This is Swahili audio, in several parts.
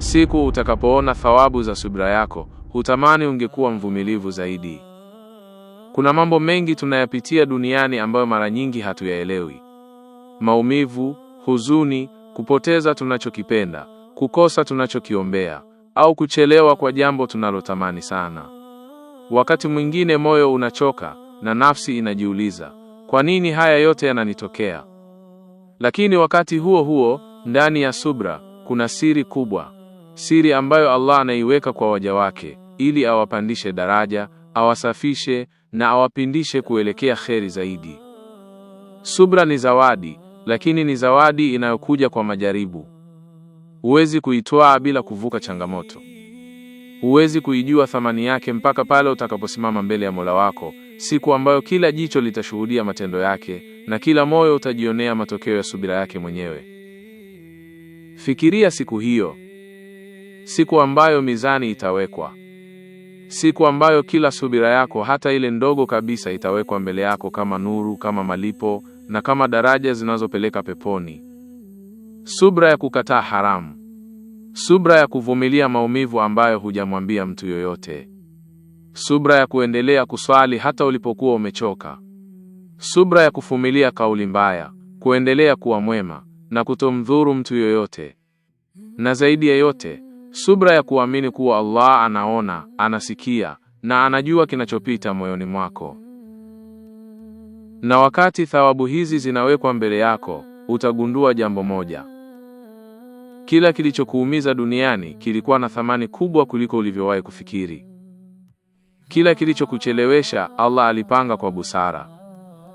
Siku utakapoona thawabu za subira yako, hutamani ungekuwa mvumilivu zaidi. Kuna mambo mengi tunayapitia duniani ambayo mara nyingi hatuyaelewi: maumivu, huzuni, kupoteza tunachokipenda, kukosa tunachokiombea, au kuchelewa kwa jambo tunalotamani sana. Wakati mwingine moyo unachoka na nafsi inajiuliza, kwa nini haya yote yananitokea? Lakini wakati huo huo, ndani ya subra kuna siri kubwa siri ambayo Allah anaiweka kwa waja wake ili awapandishe daraja, awasafishe na awapindishe kuelekea kheri zaidi. Subra ni zawadi, lakini ni zawadi inayokuja kwa majaribu. Huwezi kuitwaa bila kuvuka changamoto. Huwezi kuijua thamani yake mpaka pale utakaposimama mbele ya Mola wako, siku ambayo kila jicho litashuhudia matendo yake na kila moyo utajionea matokeo ya subira yake mwenyewe. Fikiria siku hiyo siku ambayo mizani itawekwa, siku ambayo kila subira yako, hata ile ndogo kabisa, itawekwa mbele yako kama nuru, kama malipo na kama daraja zinazopeleka peponi. Subra ya kukataa haramu, subra ya kuvumilia maumivu ambayo hujamwambia mtu yoyote, subra ya kuendelea kuswali hata ulipokuwa umechoka, subra ya kuvumilia kauli mbaya, kuendelea kuwa mwema na kutomdhuru mtu yoyote, na zaidi ya yote Subra ya kuamini kuwa Allah anaona, anasikia na anajua kinachopita moyoni mwako. Na wakati thawabu hizi zinawekwa mbele yako, utagundua jambo moja: kila kilichokuumiza duniani kilikuwa na thamani kubwa kuliko ulivyowahi kufikiri. Kila kilichokuchelewesha, Allah alipanga kwa busara.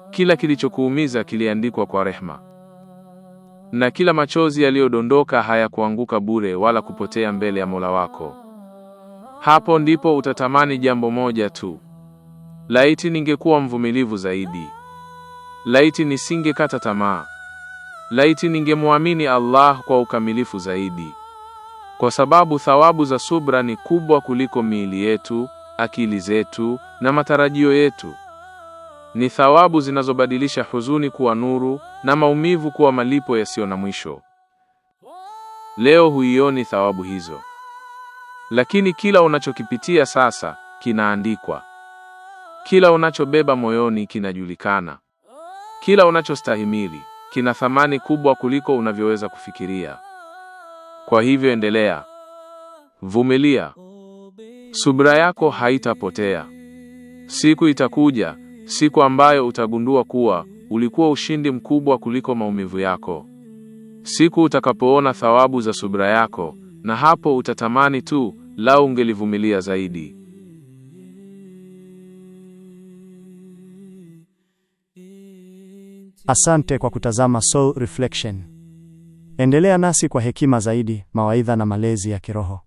Kila kilichokuumiza kiliandikwa kwa rehma na kila machozi yaliyodondoka hayakuanguka bure wala kupotea mbele ya Mola wako. Hapo ndipo utatamani jambo moja tu: laiti ningekuwa mvumilivu zaidi, laiti nisingekata tamaa, laiti ningemwamini Allah kwa ukamilifu zaidi, kwa sababu thawabu za subra ni kubwa kuliko miili yetu, akili zetu na matarajio yetu ni thawabu zinazobadilisha huzuni kuwa nuru na maumivu kuwa malipo yasiyo na mwisho. Leo huioni thawabu hizo, lakini kila unachokipitia sasa kinaandikwa, kila unachobeba moyoni kinajulikana, kila unachostahimili kina thamani kubwa kuliko unavyoweza kufikiria. Kwa hivyo endelea, vumilia, subira yako haitapotea, siku itakuja siku ambayo utagundua kuwa ulikuwa ushindi mkubwa kuliko maumivu yako, siku utakapoona thawabu za subira yako, na hapo utatamani tu lau ungelivumilia zaidi. Asante kwa kutazama Soul Reflection. Endelea nasi kwa hekima zaidi, mawaidha na malezi ya kiroho.